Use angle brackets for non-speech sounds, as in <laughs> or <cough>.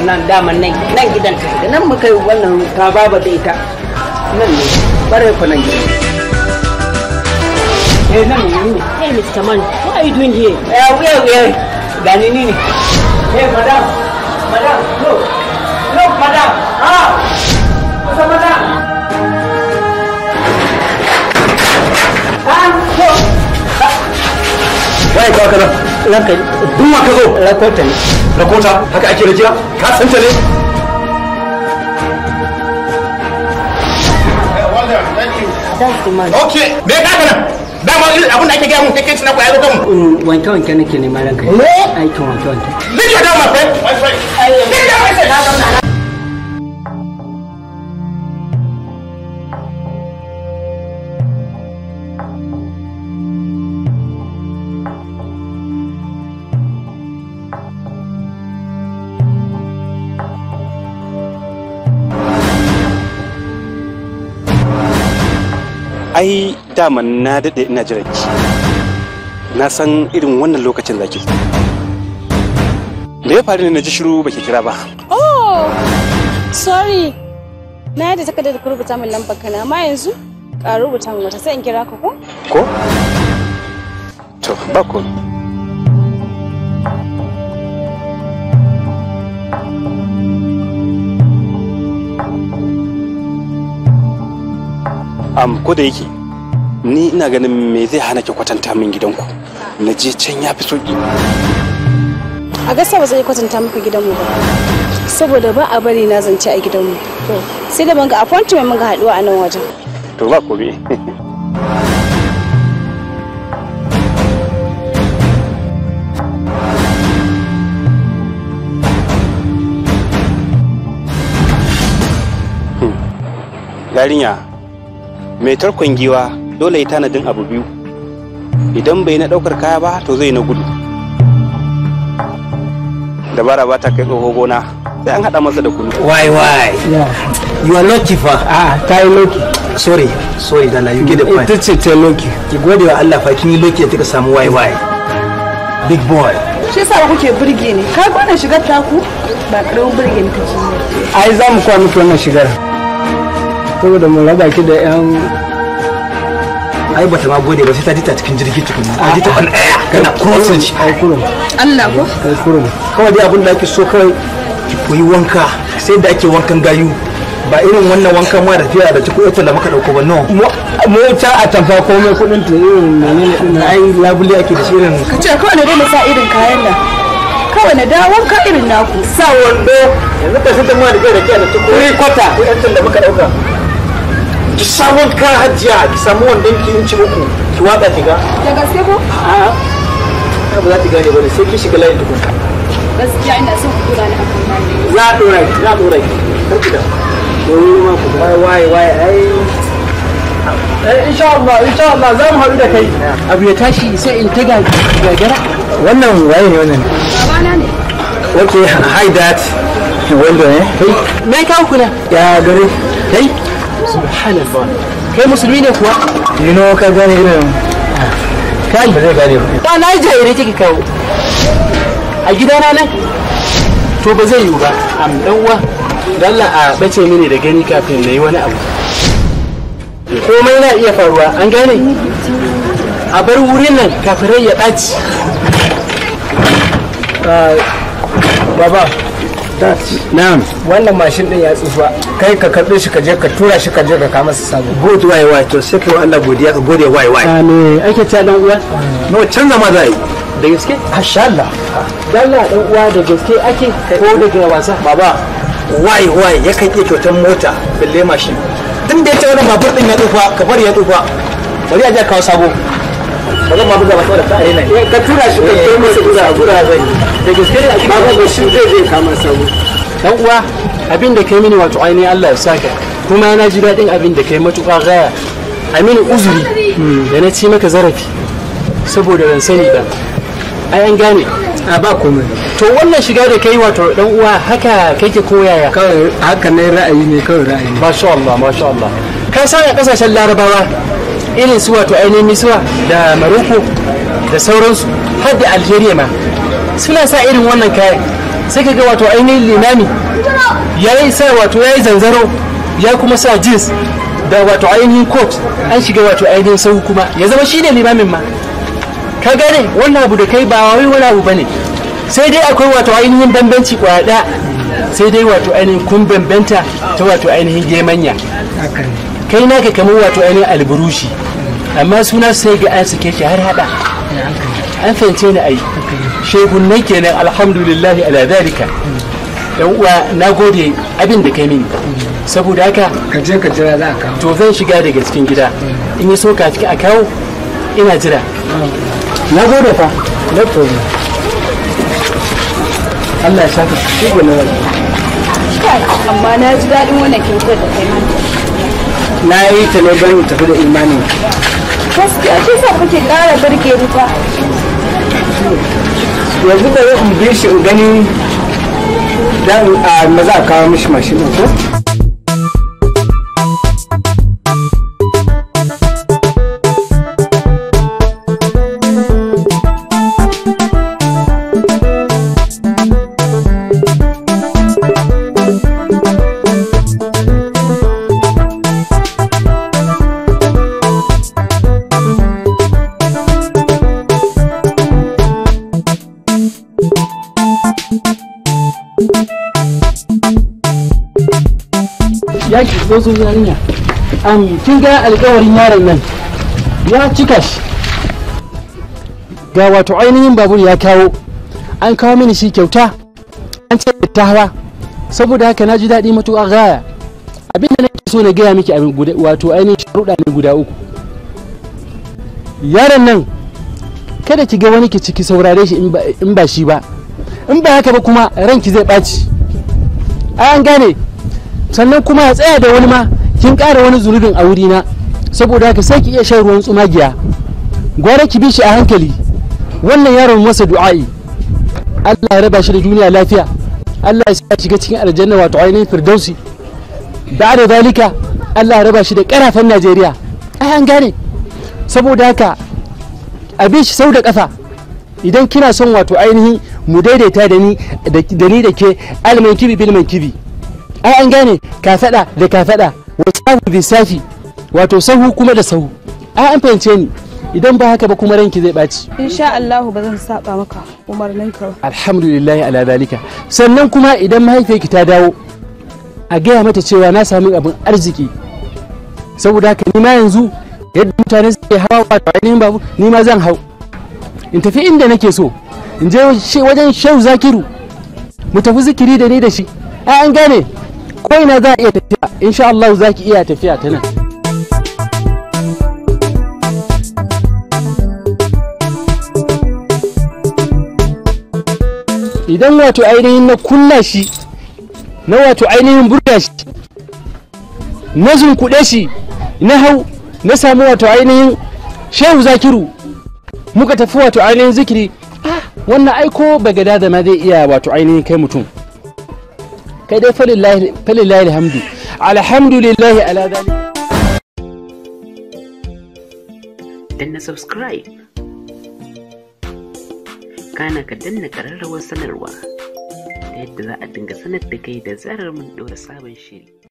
haka nan daman nan nan gidan ka da nan muka yi wannan ta baba da ita nan ne bare ku nan gidan eh nan ne eh mr man what are you doing here eh we we dani ni ne eh madam madam no no madam ha ko up madam ah no wai ka kana ka zo ka ne rakota haka ake da kira ka ta ne Okay, me da gana? Dama abin da ake gaya mun kai na koyar kan mu. Mm, wanke wanke nake neman ranka. Aikin wanke wanke. Leave your down my friend. My friend. Leave your down my friend. ai daman na daɗe ina jiran ki na san irin wannan lokacin zaki Me ya faru ne na ji shiru baki kira ba oh sorry na yadda takardar da rubuta min lambar kana ma yanzu ka rubuta min wata sai in kira ka ko ko to ba ko am ko da yake ni ina ganin me zai hana ki kwatanta min gidanku na je can ya fi sauki a gasa ba zai kwatanta muku gidanmu ba saboda ba a bari na zance a gidanmu sai da banga appointment mun ga haduwa a nan wajen to ba komai <laughs> hmm. yarinya mai tarkon giwa dole ya tanadin abu biyu idan bai na daukar kaya ba to zai na gudu dabara ba ta kai tsoho gona sai an hada masa da kunu why why you are lucky fa ah ta yi lucky sorry sorry da dala you get the point ita ce ta lucky ki gode wa Allah fa kin yi lucky ta kika samu why why big boy shi yasa kuke burge ni kai gona shigar taku ba karamin burge ni kake ai za mu kwa miki wannan shigar saboda mu raba ki da yan ai bata ma gode ba sai ta dita cikin jirgi tukun a dita on air kana kurum shi ai kurum Allah ko ai kurum kawai dai abin da ake so kawai ki koyi wanka sai da ake wankan gayu ba irin wannan wanka ma da fiya da cikin ita da muka dauko ba no mota a tamfa komai kudin ta irin menene din ai labule ake da shi irin ka ce kawai ne dai sa irin kayan nan kawai na dawo wanka irin naku sa wando yanzu ka sita ma da kai da kai da cikin kwata kudin da muka dauka ki samu ka hajiya ki samu wannan ki inci uku ki wada ki ga da gaske ko a ba za ki gane ba sai ki shiga layin tukun gaskiya ina son ku dora ni akan layin za a dora ki za a dora ki kar ki da domin ma ku waye waye waye ai eh, insha Allah insha Allah za mu haɗu da kai abu ya tashi sai in ta gagara wannan waye ne wannan babana ne okay hi dad wanda ne kai me ka ya gare kai kai musulmi ne kuwa ni no ka gane irin kai ba zai gane ba na jahire kike kawo a gidana nan to ba zai yiwu ba am dan uwa dalla a bace mini da gani kafin na yi wani abu komai na iya faruwa an gane a bar wurin nan kafirai ya ɗaci baba na'am wannan mashin din ya tsufa kai ka karbe shi ka je ka tura shi ka je ka kama su sabo good wai wai to sai kai Allah godiya ka gode wai wai amin ake ta dan uwa no canza ma za yi da gaske masha Allah dalla dan uwa da gaske ake ko da daga wasa baba wai ya kan iya kyautar mota balle mashin tun da ya ce wannan babur din ya tsufa ka bari ya tsufa bari a je kawo sabo ba zan ma buga ba saboda ka arena eh, ka tura shi ka eh, kai masa gura gura zai da gaske zai zai kama sabo dan uwa abin da kai mini wato ainihin Allah ya saka kuma na ji daɗin abin da kai matuƙa gaya a uzuri da na ci maka zarafi saboda ban sani ba ai an gane a ba komai to wannan shiga da kai wato dan uwa haka kake koyaya kawai haka ne ra'ayi ne kawai ra'ayi ne masha Allah masha Allah kasashen larabawa irin su wato ainihin misra da maroko da sauransu har da algeria ma suna sa irin wannan kayan sai ka ga wato ainihin limami ya yi sa wato ya yi zanzaro ya kuma sa jeans da wato ainihin coat an shiga wato ainihin sahu kuma ya zama shi ne limamin ma ka gane wannan abu da kai ba wai wani abu bane sai dai akwai wato ainihin bambanci kwaya sai dai wato ainihin kun bambanta ta wato ainihin gemanya kai ka kamar wato ainihin alburushi amma suna sai ga an sake shi har hada an fahimce ni ai shehunnai kenan alhamdulillah ala dalika yan uwa na gode abin da kai mini saboda haka ka ka jira za ka to zan shiga daga cikin gida in yi so ka a kawo ina jira na gode fa na tobe Allah ya saka shi gwanin wani amma na ji daɗin wannan kyautar da kai na yi ta ne ban tafi da imanin gaskiya shi sa kuke ƙara birge ni fa yanzu bari in bi shi in gani dan ah, maza a kawo mishi mashin ko za zo zo yarinya kin ga alƙawarin yaron nan ya cika shi ga wato ainihin babur ya kawo an kawo mini shi kyauta an ce ta hawa saboda haka na ji daɗi matuƙa gaya abin da nake so na gaya miki wato ainihin sharuɗa ne guda uku yaron nan kada ki ga wani ki ciki saurare shi in ba shi ba in ba haka ba kuma ranki zai ɓaci an gane sannan kuma ya tsaya da wani ma kin ƙara wani zurubin a wurina saboda haka sai ki iya shan ruwan tsumagiya gwara ki bi shi a hankali wannan yaron masa du'a'i Allah ya raba shi da duniya lafiya Allah ya sa shiga cikin aljanna wato ainihin firdausi da da dalika Allah ya raba shi da karafan Najeriya ai an gane saboda haka a bi shi sau da kafa idan kina son wato ainihin mu daidaita da ni da ke alman kibi bil kibi ai an gane ka faɗa da ka wa sahu da safi wato sahu kuma da sahu ai an fahimce ni idan ba haka ba kuma ranki zai ɓaci insha Allah ba zan saba maka umarninka alhamdulillah ala zalika sannan kuma idan mahaifiyarki ta dawo a gaya mata cewa na sami abin arziki saboda haka ni ma yanzu yadda mutane suke hawa da ainihin babu ni ma zan hau in tafi inda nake so in je wajen shehu zakiru mu tafi zikiri da ni da shi ai an gane ko za a iya tafiya insha Allah za ki iya tafiya ta nan idan wato ainihin na kunna shi na wato ainihin burya shi na zunkuɗe shi na hau na samu wato ainihin shehu zakiru muka tafi wato ainihin zikiri ah, wannan aiko bagada da ma zai iya wato ainihin kai mutum kai dai falillahi alhamdu alhamdulillahi ala zalika danna subscribe kana ka danna kararrawar sanarwa ta yadda za a dinga sanar da kai da zarar mun ɗora sabon shiri